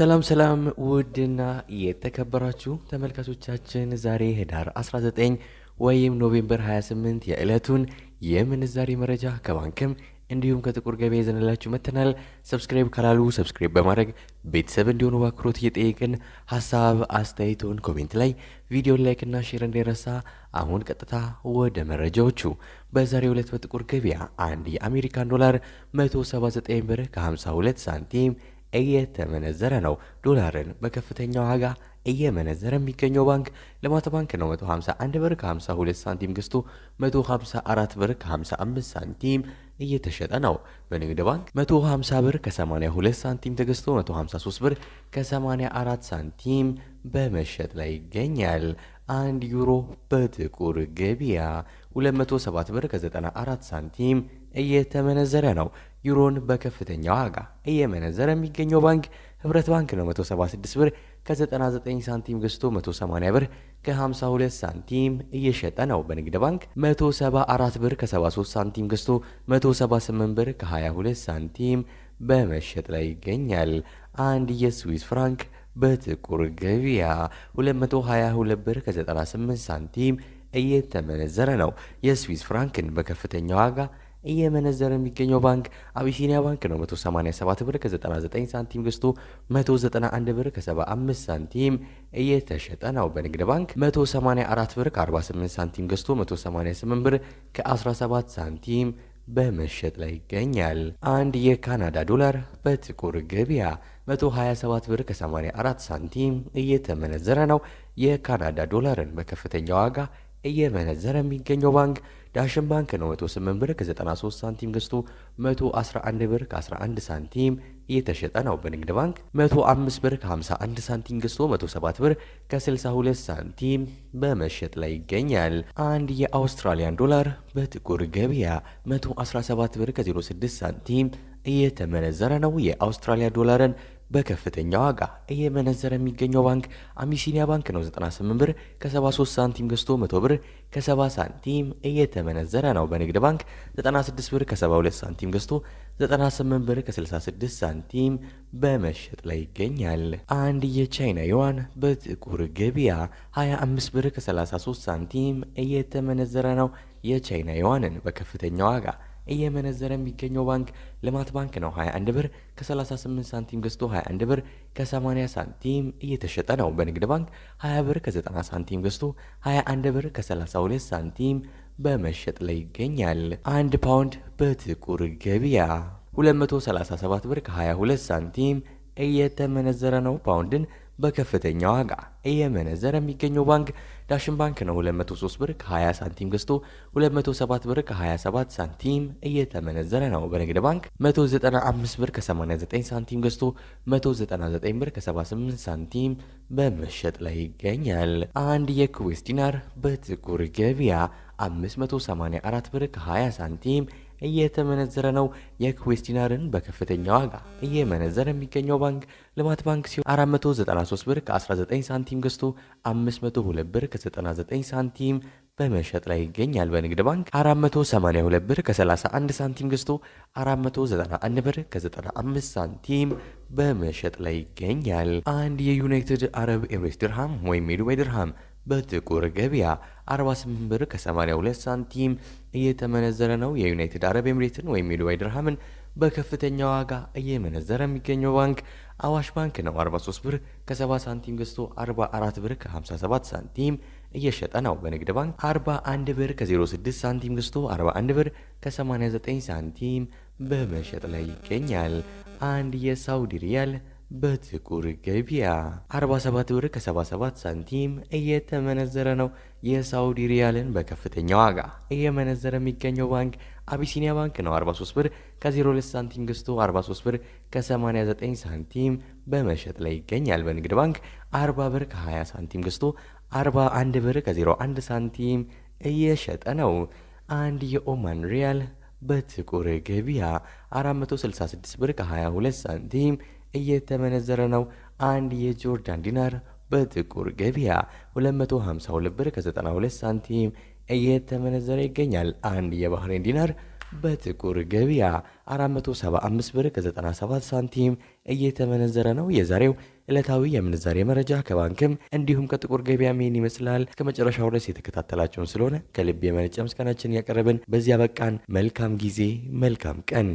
ሰላም ሰላም ውድና የተከበራችሁ ተመልካቾቻችን ዛሬ ህዳር 19 ወይም ኖቬምበር 28 የዕለቱን የምንዛሬ መረጃ ከባንክም እንዲሁም ከጥቁር ገበያ ይዘንላችሁ መጥተናል። ሰብስክራይብ ካላሉ ሰብስክራይብ በማድረግ ቤተሰብ እንዲሆኑ በአክብሮት እየጠየቅን ሀሳብ አስተያየቶን ኮሜንት ላይ ቪዲዮን ላይክና ሼር እንዳይረሳ። አሁን ቀጥታ ወደ መረጃዎቹ። በዛሬው ዕለት በጥቁር ገበያ አንድ የአሜሪካን ዶላር 179 ብር ከ52 ሳንቲም እየተመነዘረ ነው። ዶላርን በከፍተኛ ዋጋ እየመነዘረ የሚገኘው ባንክ ልማት ባንክ ነው። 151 ብር ከ52 ሳንቲም ገዝቶ 154 ብር ከ55 ሳንቲም እየተሸጠ ነው። በንግድ ባንክ 150 ብር ከ82 ሳንቲም ተገዝቶ 153 ብር ከ84 ሳንቲም በመሸጥ ላይ ይገኛል። አንድ ዩሮ በጥቁር ገበያ 207 ብር ከ94 ሳንቲም እየተመነዘረ ነው። ዩሮን በከፍተኛ ዋጋ እየመነዘረ የሚገኘው ባንክ ህብረት ባንክ ነው። 176 ብር ከ99 ሳንቲም ገዝቶ 180 ብር ከ52 ሳንቲም እየሸጠ ነው። በንግድ ባንክ 174 ብር ከ73 ሳንቲም ገዝቶ 178 ብር ከ22 ሳንቲም በመሸጥ ላይ ይገኛል። አንድ የስዊስ ፍራንክ በጥቁር ገበያ 222 ብር ከ98 ሳንቲም እየተመነዘረ ነው። የስዊስ ፍራንክን በከፍተኛ ዋጋ እየመነዘረ የሚገኘው ባንክ አቢሲኒያ ባንክ ነው። 187 ብር ከ99 ሳንቲም ገዝቶ 191 ብር ከ75 ሳንቲም እየተሸጠ ነው። በንግድ ባንክ 184 ብር ከ48 ሳንቲም ገዝቶ 188 ብር ከ17 ሳንቲም በመሸጥ ላይ ይገኛል። አንድ የካናዳ ዶላር በጥቁር ገበያ 127 ብር ከ84 ሳንቲም እየተመነዘረ ነው። የካናዳ ዶላርን በከፍተኛ ዋጋ እየመነዘረ የሚገኘው ባንክ ዳሽን ባንክ ነው። 108 ብር ከ93 ሳንቲም ገዝቶ 111 ብር ከ11 ሳንቲም እየተሸጠ ነው። በንግድ ባንክ 105 ብር ከ51 ሳንቲም ገዝቶ 107 ብር ከ62 ሳንቲም በመሸጥ ላይ ይገኛል። አንድ የአውስትራሊያን ዶላር በጥቁር ገበያ 117 ብር ከ06 ሳንቲም እየተመነዘረ ነው። የአውስትራሊያ ዶላርን በከፍተኛ ዋጋ እየመነዘረ የሚገኘው ባንክ አቢሲኒያ ባንክ ነው። 98 ብር ከ73 ሳንቲም ገዝቶ 100 ብር ከ70 ሳንቲም እየተመነዘረ ነው። በንግድ ባንክ 96 ብር ከ72 ሳንቲም ገዝቶ 98 ብር ከ66 ሳንቲም በመሸጥ ላይ ይገኛል። አንድ የቻይና ዩዋን በጥቁር ገበያ 25 ብር ከ33 ሳንቲም እየተመነዘረ ነው። የቻይና ዩዋንን በከፍተኛ ዋጋ እየመነዘረ የሚገኘው ባንክ ልማት ባንክ ነው። 21 ብር ከ38 ሳንቲም ገዝቶ 21 ብር ከ80 ሳንቲም እየተሸጠ ነው። በንግድ ባንክ 20 ብር ከ90 ሳንቲም ገዝቶ 21 ብር ከ32 ሳንቲም በመሸጥ ላይ ይገኛል። አንድ ፓውንድ በጥቁር ገበያ 237 ብር ከ22 ሳንቲም እየተመነዘረ ነው። ፓውንድን በከፍተኛ ዋጋ እየመነዘረ የሚገኘው ባንክ ዳሽን ባንክ ነው። 203 ብር ከ20 ሳንቲም ገዝቶ 207 ብር ከ27 ሳንቲም እየተመነዘረ ነው። በንግድ ባንክ 195 ብር ከ89 ሳንቲም ገዝቶ 199 ብር ከ78 ሳንቲም በመሸጥ ላይ ይገኛል። አንድ የኩዌስ ዲናር በጥቁር ገበያ 584 ብር ከ20 ሳንቲም እየተመነዘረ ነው። የኩዌት ዲናርን በከፍተኛ ዋጋ እየመነዘረ የሚገኘው ባንክ ልማት ባንክ ሲሆን 493 ብር ከ19 ሳንቲም ገዝቶ 502 ብር ከ99 ሳንቲም በመሸጥ ላይ ይገኛል። በንግድ ባንክ 482 ብር ከ31 ሳንቲም ገዝቶ 491 ብር ከ95 ሳንቲም በመሸጥ ላይ ይገኛል። አንድ የዩናይትድ አረብ ኤምሬት ድርሃም ወይም የዱባይ ድርሃም በጥቁር ገበያ 48 ብር ከ82 ሳንቲም እየተመነዘረ ነው። የዩናይትድ አረብ ኤምሬትን ወይም የዱባይ ድርሃምን በከፍተኛ ዋጋ እየመነዘረ የሚገኘው ባንክ አዋሽ ባንክ ነው። 43 ብር ከ70 ሳንቲም ገዝቶ 44 ብር ከ57 ሳንቲም እየሸጠ ነው። በንግድ ባንክ 41 ብር ከ06 ሳንቲም ገዝቶ 41 ብር ከ89 ሳንቲም በመሸጥ ላይ ይገኛል። አንድ የሳውዲ ሪያል በጥቁር ገቢያ 47 ብር ከ77 ሳንቲም እየተመነዘረ ነው። የሳውዲ ሪያልን በከፍተኛ ዋጋ እየመነዘረ የሚገኘው ባንክ አቢሲኒያ ባንክ ነው። 43 ብር ከ02 ሳንቲም ገዝቶ 43 ብር ከ89 ሳንቲም በመሸጥ ላይ ይገኛል። በንግድ ባንክ 40 ብር ከ20 ሳንቲም ገዝቶ 41 ብር ከ01 ሳንቲም እየሸጠ ነው። አንድ የኦማን ሪያል በጥቁር ገቢያ 466 ብር ከ22 ሳንቲም እየተመነዘረ ነው። አንድ የጆርዳን ዲናር በጥቁር ገበያ 252 ብር ከ92 ሳንቲም እየተመነዘረ ይገኛል። አንድ የባህሬን ዲናር በጥቁር ገበያ 475 ብር ከ97 ሳንቲም እየተመነዘረ ነው። የዛሬው ዕለታዊ የምንዛሬ መረጃ ከባንክም እንዲሁም ከጥቁር ገበያ ምን ይመስላል? እስከ መጨረሻው ድረስ የተከታተላቸውን ስለሆነ ከልብ የመነጨ ምስጋናችን ያቀረብን በዚያ በቃን። መልካም ጊዜ፣ መልካም ቀን